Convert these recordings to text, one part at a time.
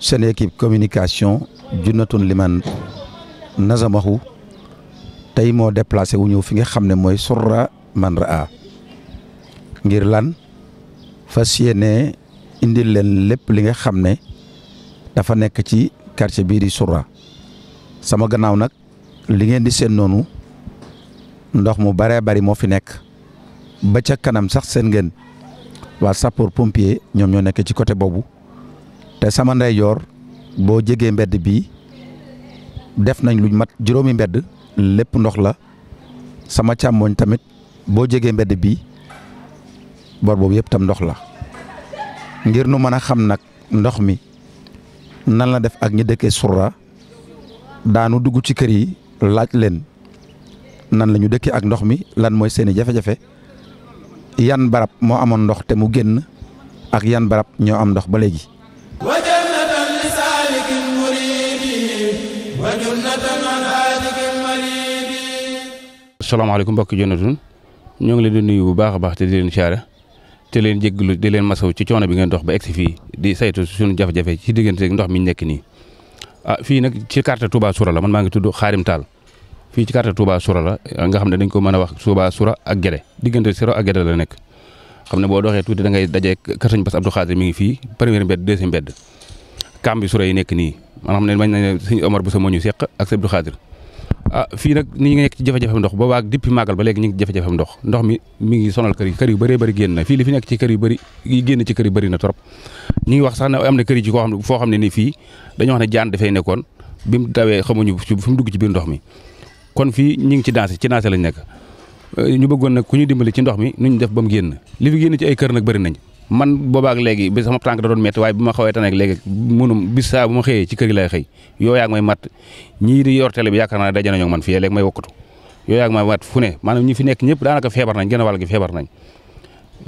seen équipe communication Junatun Liman Nazamahu tey moo déplacé wu ñëw fi nga xam ne mooy surra man raa ngir lan fas yéene indil leen lépp li nga xam ne dafa nekk ci quartier bii di surra sama gannaaw nag li ngeen di seen noonu ndox mu baree bari moo fi nekk ba ca kanam sax seen ngeen waa sapeur pompier ñoom ñoo nekk ci côté boobu te sama ndeyjoor boo jegee mbedd bii def nañ lu mat juróomi mbedd lépp ndox la sama càmmooñ tamit boo jegee mbedd bii bor boobu yëpp tam ndox la ngir nu mën a xam nag ndox mi nan la def ak ñi dëkkee surra daanu dugg ci kër yi laaj leen nan lañu dëkkee ak ndox mi lan mooy seeni jafe-jafe yan barab moo amoon ndox te mu génn ak yan barab ñoo am ndox ba léegi salaamaaleykum mbokki jonatun ñoo ngi leen di nuyu bu baax a baax te di leen siyaare te leen jégglu di leen masaw ci coono bi ngeen dox ba egsi fii di saytu suñu jafe-jafe ci diggante ndox mi nekk nii ah fii nag ci carte Touba Soura la man maa ngi tudd Xaarim Taal fii ci carte Touba Soura la ah, nga xam ne dañ ko mën a wax Touba Soura ak Guédé diggante Soura ak Guédé la nekk xam ne boo doxee tuuti da ngay dajee kër sëñ Bass Abdou Khadir mi ngi fii première mbedd deuxième mbedd bi Soura yi nekk nii man xam ne mañ nañ sëñ Omar bu sa moñu seq ak sëñ Abdou ah fii nag ni ngi nekk ci jafe-jafe ndox boobaa depuis màggal ba léegi ñi ngi jafe-jafe ndox ndox mi mi ngi sonal kër yi kër yu bëree bëri génn na fii li fi nekk ci kër yu bëri yi génn ci kër bëri na trop ñu ngi wax sax ne am na kër yi ci koo xam ne foo xam ne ni fii dañoo wax ne jaan dafay nekkoon bi mu dawee xamuñu fi mu dugg ci biir ndox mi kon fii ñu ngi ci dansé ci dansé lañ nekk euh, ñu bëggoon nag ku ñu dimbali ci ndox mi nuñ def ba mu génn li fi génn ci ay kër nag bëri nañ man boobaak léegi bi sama tànk da doon métti waaye bi ma xawee tane léegi munum bis saa bu ma xëyee ci kër gi lay xëy yoo yaag may mat ñii yor télé bi yaakaar naa daje nañoo man fii léegi may wokkatu yoo yaag may mat fu ne maanaam ñi fi nekk ñëpp daanaka feebar nañ gën a wàll gi feebar nañ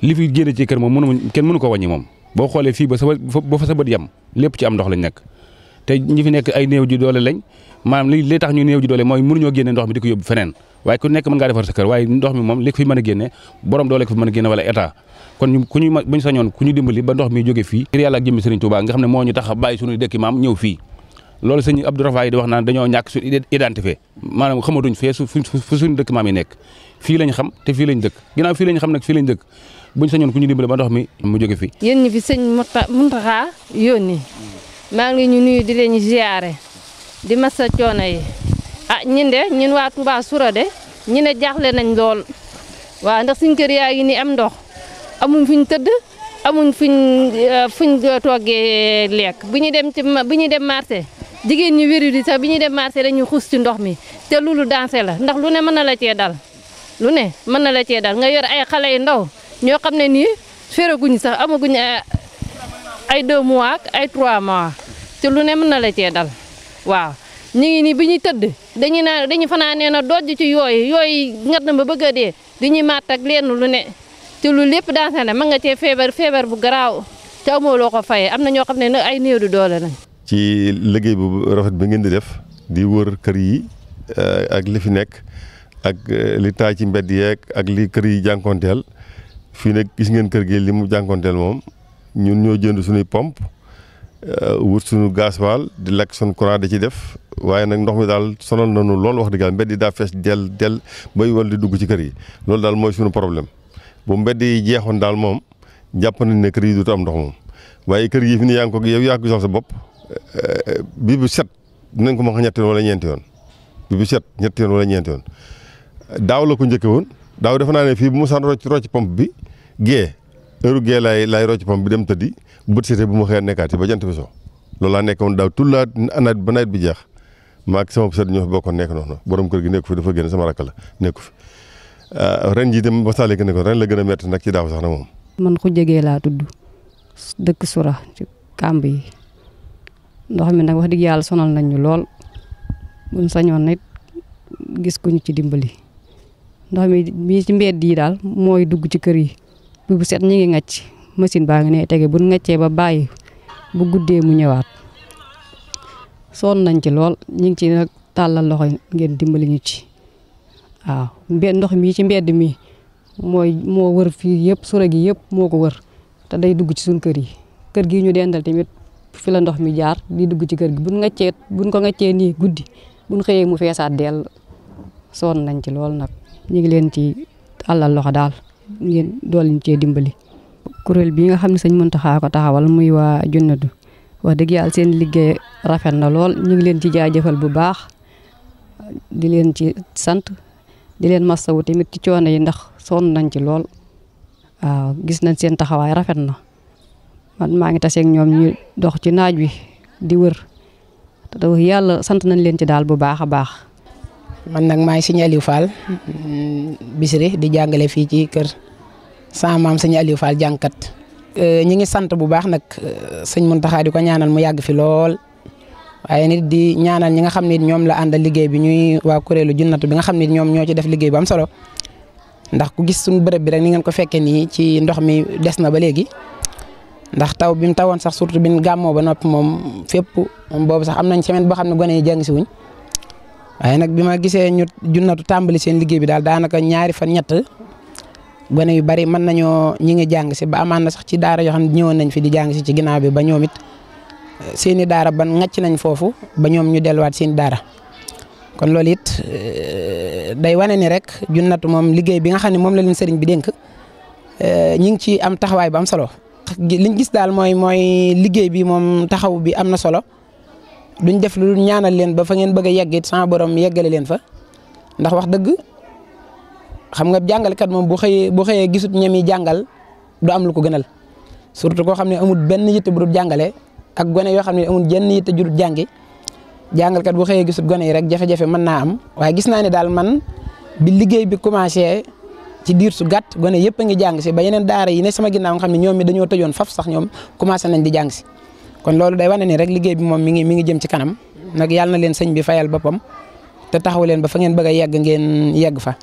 li fi génn ci kër moom mënu kenn mënu ko wàññi moom boo xoolee fii ba sa ba fa sa bët yam lépp ci am ndox lañ nekk te ñi fi nekk ay néew ji doole lañ maanaam li tax ñu néew ji doole mooy mënuñoo génne ndox mi di ko yóbbu feneen waaye ku nekk mën ngaa defar sa waaye ndox mi moom li ko fi mën a génne borom ñu tax a suñu dëkk maam yi nekk fii lañ xam te fii lañ dëkk ginnaaw fii lañ xam nag fii lañ dëkk buñ sañoon ku dimbali ba ndox mi mu jóge fii yéen ñi fi sëñ Muntaxa yónni maa ngi ñu nuyu di leen ziare di masa coono yi ah ñun de ñun waatu Touba Soura de ñu ne jaaxle nañ lool waaw ndax suñ kër yaa ngi nii am ndox amuñ fuñ tëdd amuñ fuñ euh, fuñ toggee lekk bu ñu dem ci bu ñu dem marché jigéen ñi wéru di sax bi ñuy dem marché dañuy xus ci ndox mi te loolu dansé la ndax lu ne mën na la cee dal lu ne mën na la cee dal nga yor ay xale yu ndaw ñoo xam ne nii féraguñ sax amaguñ euh, ay 2 mois ak ay 3 mois te lu ne mën na la cee dal waaw ñu ngi nii bi ñuy tëdd dañuy naan fanaan nee na dojj ci yooyu yooyu ngat na ba bëgg a dee di ñuy màtt ak lenn lu ne te lu lépp daanaka ne mën nga cee feebar feebar bu garaaw te amoo loo ko am na ñoo xam ne ay néew du doole lañ. ci liggéey bu rafet bi ngeen di def di wër kër yi eh, ak li fi nekk ak eh, li taay ci mbedd yeeg ak li kër yi jànkonteel fii nag gis ngeen kër gi li mu jànkonteel moom. ñun ñoo jënd suñuy pompe euh, wut suñu waal di lakk suñu courant di ci def waaye nag ndox mi daal sonal nañu lool wax dëgg yàlla mbedd daa fees del del bay wal di dugg ci kër yi loolu daal mooy sunu problème bu mbedd yi jeexoon daal moom jàpp nañ ne kër yi dootu am ndox moom waaye kër gi fi ni yaa ngi ko yow yaa ngi ko sax sa bopp euh, bi bu set nañ ko mën ñetti yoon wala ñeenti yoon bi bu set ñetti yoon wala ñeenti yoon daaw la ko njëkke woon daaw defe naa fii bu mu saan rocc rocc pompe bi gée heure gee laay laay rocc pam bi dem tëddi bët seetee bu ma xëyaat nekkaat yi ba jant so loolu laa nekkoon daaw tout la nawet ba bi jeex maa ak sama sët ñoo fi bokkoon nekk noonu borom kër gi nekku fi dafa génn sama rakk la nekku fi ah, ren jii dem ba saale gi nekkoon ren la gën a métti nag ci daaw sax na moom. man ku jege laa tudd dëkk sura ci kàmb yi ndox mi nag wax dëgg yàlla sonal nañ ñu lool buñ sañoon nit gis ku ci dimbali ndox mi bii ci mbedd yi daal mooy dugg ci kër yi. bu bu set ñu ngi ngacc machine baa ngi ne tege bu ngaccee ba bàyyi bu guddee mu ñëwaat sonn nañ ci lool ñu ngi ci nag tàllal loxo ngeen dimbali ñu ci waaw mbed ndox mi ci mbedd mi mooy moo wër fii yëpp sura gi yëpp moo ko wër te day dugg ci suñu kër yi kër gi ñu dendal tamit fi la ndox mi jaar di dugg ci kër gi buñ ngaccee buñ ko ngaccee nii guddi buñ xëyee mu feesaat dell sonn nañ ci lool nag ñu ngi leen ci tàllal loxo daal dool ñu cee dimbali. kuréel bii nga xam ne sëñ Muntaxa ko taxawal muy waa Junnatu wax dëgg yàlla seen liggéey rafet na lool ñu ngi leen ci jaajëfal bu baax di leen ci sant di leen masawu tamit ci coono yi ndax soon nañ ci lool waaw gis nañ seen taxawaay rafet na man maa ngi taseeg ñoom ñu dox ci naaj wi di wër te yàlla sant nañ leen ci daal bu baax a baax. man nag maay sëñ Aliou Fall mm, Bichri di jàngale fii ci kër sama maam sëñ Aliou Fall jàngkat. Euh, ñi ngi sant bu baax nag euh, sëñ mun taxaadi ko ñaanal mu yàgg fi lool waaye nit di ñaanal ñi nga xam ne ñoom la àndal liggéey bi ñuy waa kuréelu junnatu bi nga xam ne ñoom ñoo ci def liggéey bu am solo ndax ku gis suñu bërëb bi rek ni ngeen ko fekkee nii ci ndox mi des na ba léegi. ndax taw bi mu tawoon sax surtout bi ñu gàmmoo ba nopp moom fépp moom boobu sax am nañ semaine boo xam ne gone yi jàng si waaye nag bi ma gisee ñu junnatu tàmbali seen liggéey bi daal daanaka ñaari fan ñett gone yu bari mën nañoo ñi ngi jàng si ba amaan na sax ci daara yoo xam ne ñëwoon nañ fi di jàng si ci ginnaaw bi ba ñoom it eh, seeni daara ban ngacc nañ foofu ba ñoom ñu delluwaat seen daara kon loolu it eh, day wane ni rek junnatu moom liggéey bi nga xam ne moom la leen bi dénk eh, ñi ngi ci am taxawaay bu am solo liñ gis daal mooy mooy liggéey bi moom taxaw bi am na solo. duñ def lu ñaanal leen ba fa ngeen bëgg a yeggit sama borom yeggale leen fa ndax wax dëgg xam nga jàngalekat moom bu xëyee bu xëyee gisut ñemi jàngal du lu ko gënal surtout koo xam ne amul benn yitte bu dul jàngale ak gone yoo xam ne amul jenn yitte ju dul jàngi jàngalkat bu xëyee gisut gone yi rek jafe-jafe mën naa am waaye gis naa ne daal man bi liggéey bi commencé ci diir su gàtt gone yëpp a ngi jàng si ba yeneen daara yi ne sama ginnaaw nga xam ne ñoom mi dañoo tëjoon faf sax ñoom commencé nañ di jàng si kon loolu day wane nii rek liggéey bi moom mi ngi mi ngi jëm ci kanam nag yàlla na leen sëñ bi fayal boppam te taxaw leen ba fa ngeen bëgg yegg ngeen yegg fa